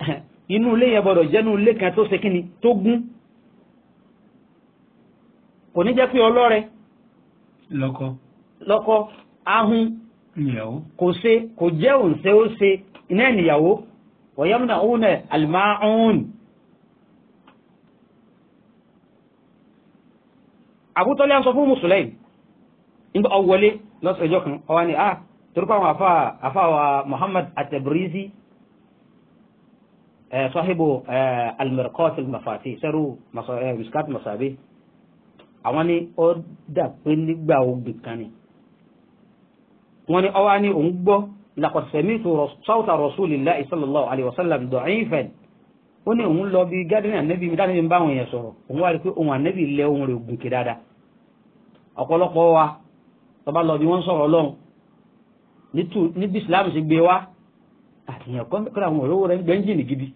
inú ilé yẹn gbọ́dọ̀ jẹ́ inú ilé kan tó ṣe kíni tó gún kò ní jẹ́ pé ọlọ́rẹ lọ́kọ lọ́kọ ahun kò ṣe kò jẹ́ òǹṣe ó ṣe iná ìyàwó wọ̀yẹ́mùnà òun náà àlùmáà àbútọ́lé ń sọ fún mùsùlẹ́yìn nígbà ọwọlé lọ́sọ̀jọ́ kan ọwá ni ah torúkọ àwọn àfáwà Muhammad atabrizi sọ́hìbò almirqat almafati sẹ́rù miskat masabi àwọn ni ó dà pé nígbà ogun kan ni wọ́n ni ọwá ni òun gbọ́ laqad sami'tu sawta sallallahu alayhi wa sallam da'ifan o ní òun lọ bí gádínì ànẹ́bí mi dánilẹ́bí ń bá àwọn èèyàn sọ̀rọ̀ òun wá rí pé òun ànẹ́bí lẹ ohun dáadáa ọ̀pọ̀lọpọ̀ wa tọba lọ bí wọ́n sọ̀rọ̀ lọ́hùn níbi Islam ṣe gbé wa àtìyàn kọ́ńtà àwọn òróró rẹ̀ ń gbẹ́ ń jìnnì gidi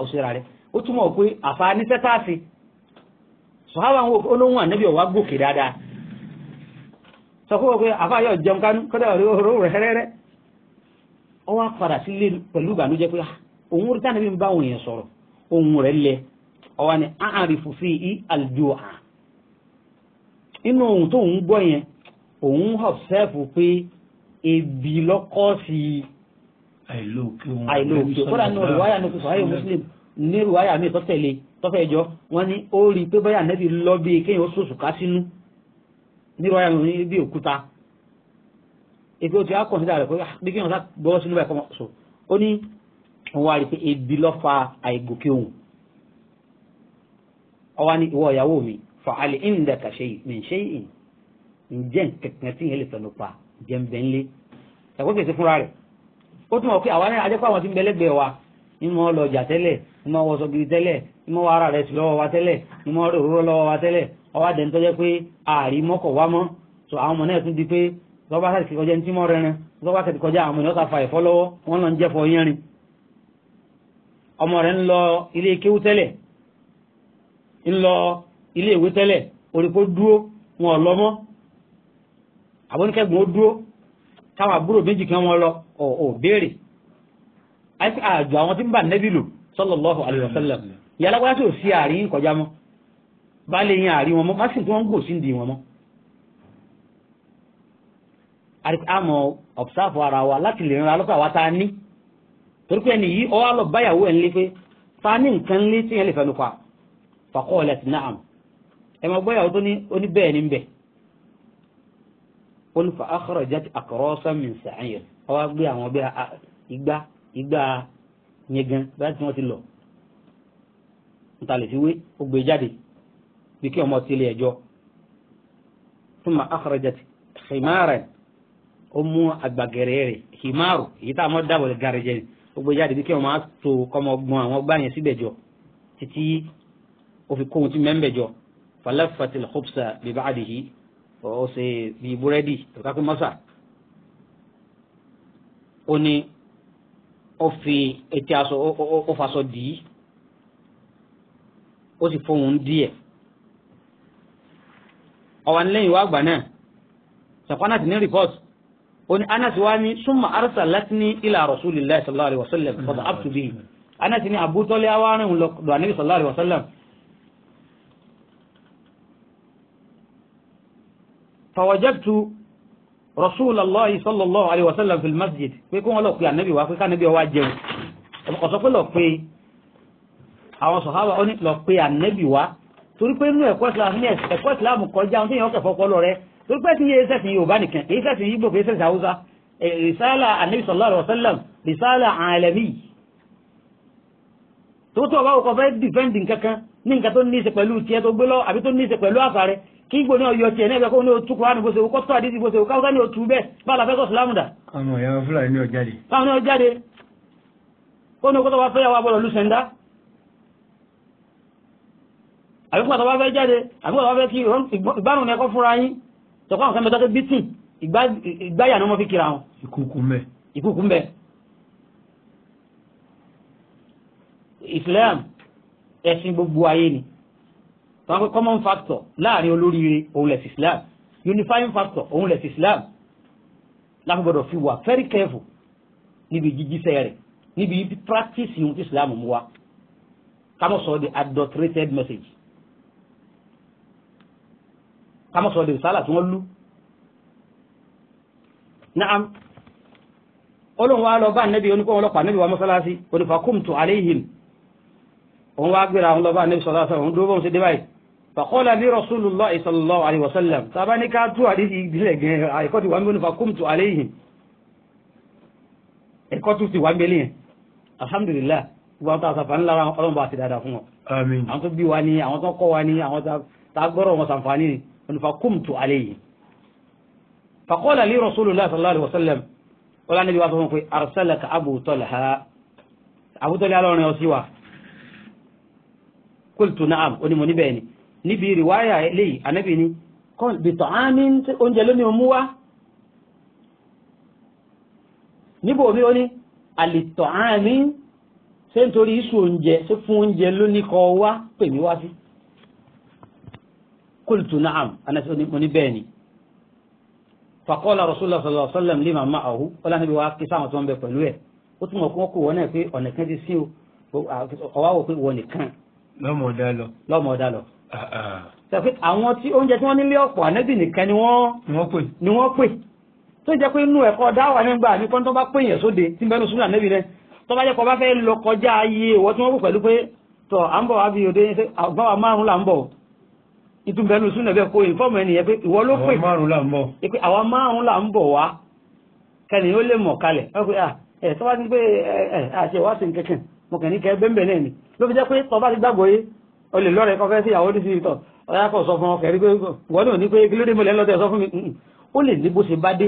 ó ṣe ra rẹ̀ ó túmọ̀ pé sọ̀hábà àwọn olóhùn ànẹ́bí ọ̀wá gòkè dáadáa sọ fún wọn pé jẹun kánú òróró rẹ̀ rẹ́rẹ́ wá padà sílé pẹ̀lú ìbànújẹ́ pé ah, òun ohun rẹ̀ lẹ ọwọ́ ni àárífù sí i àlùjọ́à inú ohun tó ń gbọ́ yẹn òun ọ̀sẹ́fù pé ebi lọ́kọ́ sí i àìlóòkè kódà ní olùwáyà ní sọ̀háyè muslim ní olùwáyà mi tó tẹ̀lé tọ́fẹ́ jọ wọ́n ní ó rí i pé báyà nẹ́bí lọ bí kéèyàn ó sòsù ká sínú ní olùwáyà mi bí òkúta èpè ó ti á kọ̀ǹsídà rẹ̀ pé ah, kéèyàn sá gbọ́wọ́ sínú báyìí kọ́ ó ní wọ́n wá rí i pé ebi ló fa àìgòkè òun ọwọ́ ni ìwọ ìyàwó mi fa alẹ́ ìndẹ̀kà ṣe yìí mìíṣe ǹjẹ́ kẹ̀kẹ́ tí ìyẹn lè fẹnu pa jẹ́ǹbẹ̀ ńlẹ̀ ẹ̀kọ́ kìí ṣe fúnra rẹ̀ ó tún mọ̀ pé àwa náà ajẹ́pọ̀ àwọn tí ń bẹ lẹ́gbẹ̀ẹ́ wa ni mo lọ jà tẹ́lẹ̀ ni mo wọṣọ gidi tẹ́lẹ̀ ni mo wọ ara rẹ̀ sí lọ́wọ́ wa tẹ́lẹ̀ ni mo rẹ̀ òróró lọ́wọ́ wa tẹ́lẹ̀ ọwọ́ àdẹ̀ nítorí pé ààrí mọ́kọ̀ wá mọ́ so àwọn ọmọ náà tún di pé lọ́ba sàtìkọjá ní tí mo rẹrin lọ́ba sàtìkọjá àwọn ọmọ náà sàfà ẹ̀fọ́ lọ́wọ́ wọ́n lọ ń jẹ́fọ́ yẹn rin ọmọ rẹ̀ ń lọ ilé kéwú tẹ́lẹ̀ ń lọ ilé ìwé tẹ́lẹ̀ orípo dúró wọn ò lọ mọ́ àbónikẹ́gbọ̀n ó dúró táwọn àbúrò méjì kan wọn lọ ò béèrè àjọ àwọn tí ń bà nẹ́bí lò sallallahu alaihi wasallam mm. yàrá wáyà tí ò sí àárín kọjá mọ́ bá lè yan àárín wọn mọ́ má sì tí wọ́n ń gò sí ìdí wọn mọ́ àmọ́ ọ̀pùsáàfù ara wa láti lè ran alọ́pàá wa ta ní torí pé ẹni yìí ọ wá lọ báyàwó ẹ̀ ńlé pé ta ní nǹkan ńlé tí yẹn lè fẹnu pa faqalat na'am ẹ máa báyàwó tó ní oní bẹ́ẹ̀ ní bẹ́ẹ̀ ó ní fa akhrajat aqrasan min sa'ir ọ wá gbé àwọn bí igbá igbá yẹn gan bá tí wọ́n ti lọ níta lè fi wé ó gbé jáde bí kí ọmọ tilẹ̀ ẹjọ́ thumma akhrajat khimaran ó mú àgbàgẹ̀rẹ̀ rẹ̀ himaru èyí tá a mọ̀ dábọ̀ gàrẹ́jẹ́ gbogbo jáde bí kí wọn máa to kọmọ gbọn àwọn gbá yẹn síbẹ̀ jọ títí ó fi kóhun tí mẹ́ńbẹ̀ jọ falafatil khubsa bi ba'dihi ó ṣe bí búrẹ́dì tó ká pé mọ́sà ó ní ó fi etí aṣọ ó faṣọ dì í ó sì fóun díẹ̀ ọ̀wánilẹ́yìn wàgbà náà sàkánà ti ní rìpọ́ọ̀tù oni anas wa ni summa arsalatni ila rasulillahi sallallahu alaihi wasallam hmm. fa dha'abtu bihi anas ni abu tole awani un lo do anabi sallallahu alaihi wasallam fawajadtu rasulallahi sallallahu alaihi wasallam fil masjid pé ko lo pe anabi wa pé ka anabi wa jẹun ko so pé lo pe àwọn sahaba oni lo pe anabi wa torí pé inú ẹ̀kọ́ islam ni ẹ̀kọ́ islam kọjá on te yan ke fo polo re torí pé ẹ̀sìn yìí ẹ̀sẹ̀sìn Yorùbá nìkan kì í ṣẹ̀sìn Ìgbò kì í ṣẹ̀sìn Haúsá rìsáàlà anabi sallallahu alaihi wasallam rìsáàlà àlẹ́mì tó tó ọba òkọ fẹ́ dìfẹ́ǹdì kankan ní nǹkan tó ní í ṣe pẹ̀lú tiẹ̀ tó gbé lọ àbí tó ní í ṣe pẹ̀lú àfàrẹ kí Ìgbò náà yọ tiẹ̀ náà kó ní o túkọ̀ àdìbò ṣe kó tó àdìsí bó ṣe kó káwọ́sá ní o tú bẹ́ẹ̀ bá a la fẹ́ sọ sùlámù dà. àwọn ìyàwó fúlàní ni sọ̀kọ́ àwọn kẹ́mẹ́tọ́ tó bítùn ìgbáyà ni wọ́n fi kíra wọn. ìkùkù mbẹ. ìkùkù mbẹ. Islam ẹ̀sìn gbogbo ayé ni tọ́wọ́n pé common factor láàrin olóríire òun lẹ̀sìn Islam unifying factor òun lẹ̀sìn Islam láfíbọ̀dọ̀ fi wà very careful níbi jíjíṣẹ́ rẹ̀ níbi practice ohun tí Islam mú wa ká mọ̀ sọ the adulterated message kámọ́sọ̀ lè sálà tí wọ́n lú na'am olóhun wa lọ bá nẹ́bí oníkó wọn lọ́pàá nẹ́bí wa mọ́sálásí onífà kúmtù aléhìn òun wá gbéra àwọn lọ́bàá nẹ́bí sọ́lá sọ́rọ̀ dúró bọ́n sí dé báyìí fàkọ́lá ní rasulullah sallallahu alaihi wasallam tàbá ní ká tú àdé ìdílé gẹ̀ẹ́ ẹ̀kọ́ ti wà mẹ́lẹ́ fà kúmtù aléhìn ẹ̀kọ́ tó ti wà mẹ́lẹ́ yẹn alhamdulillah wọn ta sàfà ńlá ọlọ́run bá ti dáadáa fún wọn àwọn tó bí wa ni àwọn tó kọ́ wa ni àwọn tá gbọ́rọ̀ wọn sàǹfààní ni فقمت عليه فقال لي رسول الله صلى الله عليه وسلم ولا النبي وافهم أرسلك أبو طلحة أبو طلحة لون يوسيوا قلت نعم وني مني بيني نبي رواية لي أنا بيني قال بطعام أنجلني أموا níbo mi ó ní àlìtọ̀ àárín ṣé nítorí iṣu oúnjẹ ṣé fún oúnjẹ ló ní kọ wá pè mí wá sí qultu na'am Anas mo ní bẹ́ẹ̀ ni faqala rasulullah sallallahu alaihi wa sallam liman ma'ahu wọ́n láti bí wàá kí sáwọn tó ń bẹ pẹ̀lú ẹ̀ ó tún mọ̀ kó wọ́n kó wọ́n náà pé ọ̀nà kan ti sí o ọ̀wá wò pé wọ́n nìkan. lọ́mọdá lọ. lọ́mọdá lọ. Ah, ah. sọ̀kè àwọn tí oúnjẹ tí wọ́n nílé ọ̀pọ̀ ànábì nìkan ni wọ́n ni wọ́n pè tó jẹ́ pé inú ẹ̀kọ́ dáwà nígbà ní kọ́ńtọ́ bá pè yẹn sóde tí bẹ́ẹ̀ ní sùnà ànábì rẹ tó bá jẹ́ kó bá fẹ́ lọ kọjá ayé ìwọ tí wọ́n wù pẹ̀lú pé tọ̀ à ń bọ̀ wá bí òde ọgbọ́n wa márùn-ún là ń bọ̀ ìtúbẹ̀lú súnà bẹ́ẹ̀ kó ìfọ́ọ̀mù ẹnìyẹn pé ìwọ ló pè pé àwa márùn là ń bọ̀ wá kẹ́ni ó lè mọ̀ kalẹ̀ ẹ̀ tọ́wá ti pé ẹ̀ àti ẹ̀wá sí kẹ̀kẹ́ mo kàn ní kẹ́ bẹ́ẹ̀ náà ni ló fi jẹ́ pé tọ́ba ti gbàgbọ́ yé o lè lọ́rẹ̀ẹ́ kọfẹ́ sí ìyàwó nísìnyí tọ̀ ọ̀yá kọ̀ sọ fún ọkẹ́ rí pé wọ́n ní òní pé kí ló dé mo lẹ́ lọ́tẹ̀ sọ fún mi ó lè ní bó ṣe bá dé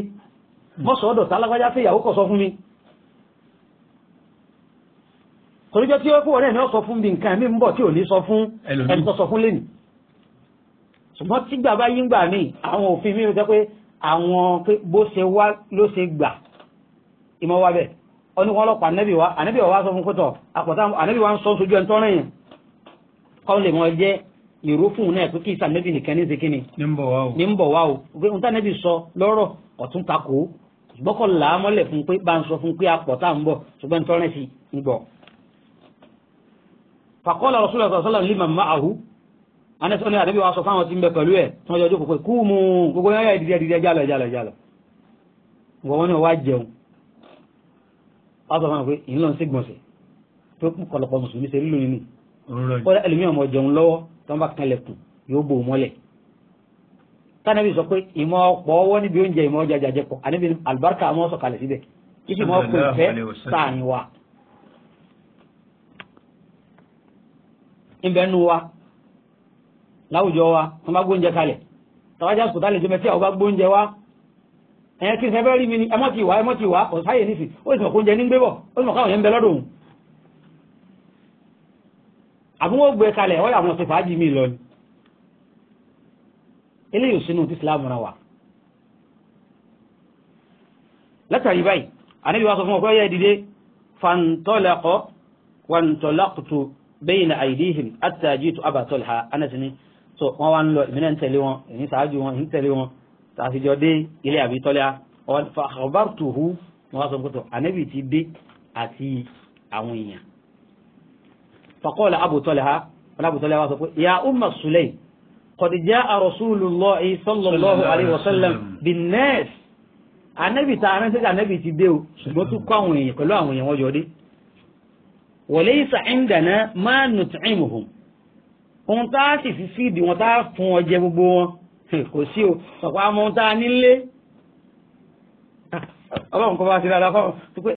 mọ́sọ̀ ọ̀dọ̀ tá alágbájá pé ìyàwó kọ̀ sọ fún mi toríjọ́ tí ó kúrò náà ni ó sọ fún mi nǹkan mi ń bọ̀ tí ò ní sọ fún ẹni tó sọ fún lénìí ṣùgbọ́n tí gbà bá yí ń gbà míì àwọn òfin mímu sọ pé àwọn pé bó ṣe wá ló ṣe gbà ìmọ̀ wa bẹ̀ ọdún ọlọ́pàá ànábì wa ànábì wa sọ fún kótó àpọ̀tá ànábì wa ń sọ sójú ẹ̀ ń tọ́rọ̀ yẹn kọ́ lè mọ jẹ́ ìró fún un náà pé kí ìsànẹ́bì nìkan ní ṣekínì ní ń bọ̀ wá o pé ń tànẹ́bì sọ lọ́rọ̀ ọ̀tún takò ṣùgbọ́n mọ́lẹ̀ fún pé bá ń sọ fún pé àpọ̀tá ń bọ̀ ṣùgbọ́n ń tọ́rọ̀ sí ń bọ̀. fàkọ́lá rasulullah sallallahu anẹ́sọ́ ni àdébí wa sọ fáwọn tí ń bẹ pẹ̀lú ẹ̀ tí wọ́n jọ jókòó pé kú mú gbogbo yẹn ìdíjẹ́ ìdíjẹ́ jálọ jálọ jálọ wọ́n wọ́n ní wọ́n wá jẹun wọ́n sọ fáwọn pé ìyìn lọ sí gbọ̀nsẹ̀ tó kọ̀lọ̀pọ̀ mùsùlùmí ṣe lílo nínú ó lẹ́ ẹlòmíràn mọ̀ jẹun lọ́wọ́ tó ń bá kanlẹ̀kùn yóò bò mọ́lẹ̀ tánàbí sọ pé ìmọ̀ ọ̀pọ̀ ọwọ́ níbi oúnjẹ ìmọ̀ ọjà jàjẹ pọ̀ àníbi àlùbáríkà àmọ́ sọ̀kalẹ̀ síbẹ̀ kí sì mọ̀ ọ̀pọ̀ ìfẹ́ wa ìbẹ̀nu wa láwùjọ wa tó bá gbóúnjẹ kalẹ̀ tàwájá sùtá lè jẹ́ mẹ́tí àwọn bá gbóúnjẹ wa ẹ̀yẹn kí n fẹ́ rí mi ni ẹmọ́ ti wá ẹmọ́ ti wá ọ̀sáyè nísì ó sì mọ̀ kóúnjẹ ní gbébọ̀ ó sì mọ̀ káwọn yẹn ń bẹ lọ́dọ̀ òun àbúrò gbé kalẹ̀ wọ́n làwọn ti fàájì mi lọ ni eléyìí sínú tí Islam ra wa látàrí báyìí àníbi wa sọ fún ọkọ̀ yẹ dìde fàǹtọ́lẹ̀kọ́ wàǹtọ́lẹ̀kùtù bayna aydihim àtàjì tó abàtọ́lẹ̀ ha anásìní so wọ́n wá ń lọ èmi náà ń tẹ̀lé wọn èmi ṣáájú wọn èmi tẹ̀lé wọn tàṣíjọ dé ilé àbí tọ́lá ọ̀bárùtùhù wọ́n wá sọ pé tó ànábì ti dé àti àwọn èèyàn faqala Abu Talha wọn Abu Talha wá sọ pé ya umma Sulaym qad jaa Rasulullah sallallahu alayhi wa sallam bin-nas ànábì ta aránsẹ́ ti dé o ṣùgbọ́n tó kọ́ àwọn èèyàn pẹ̀lú àwọn èèyàn wọn jọ dé wa laysa indana ma nut'imuhum ohun tá a sì fi fíìdì wọn tá a fún ọ jẹ gbogbo wọn kò sí o ọ̀pọ̀ àmọ́ ohun tá a nílé ọlọ́run kọ́ bá ti dáadáa fáwọn tó pé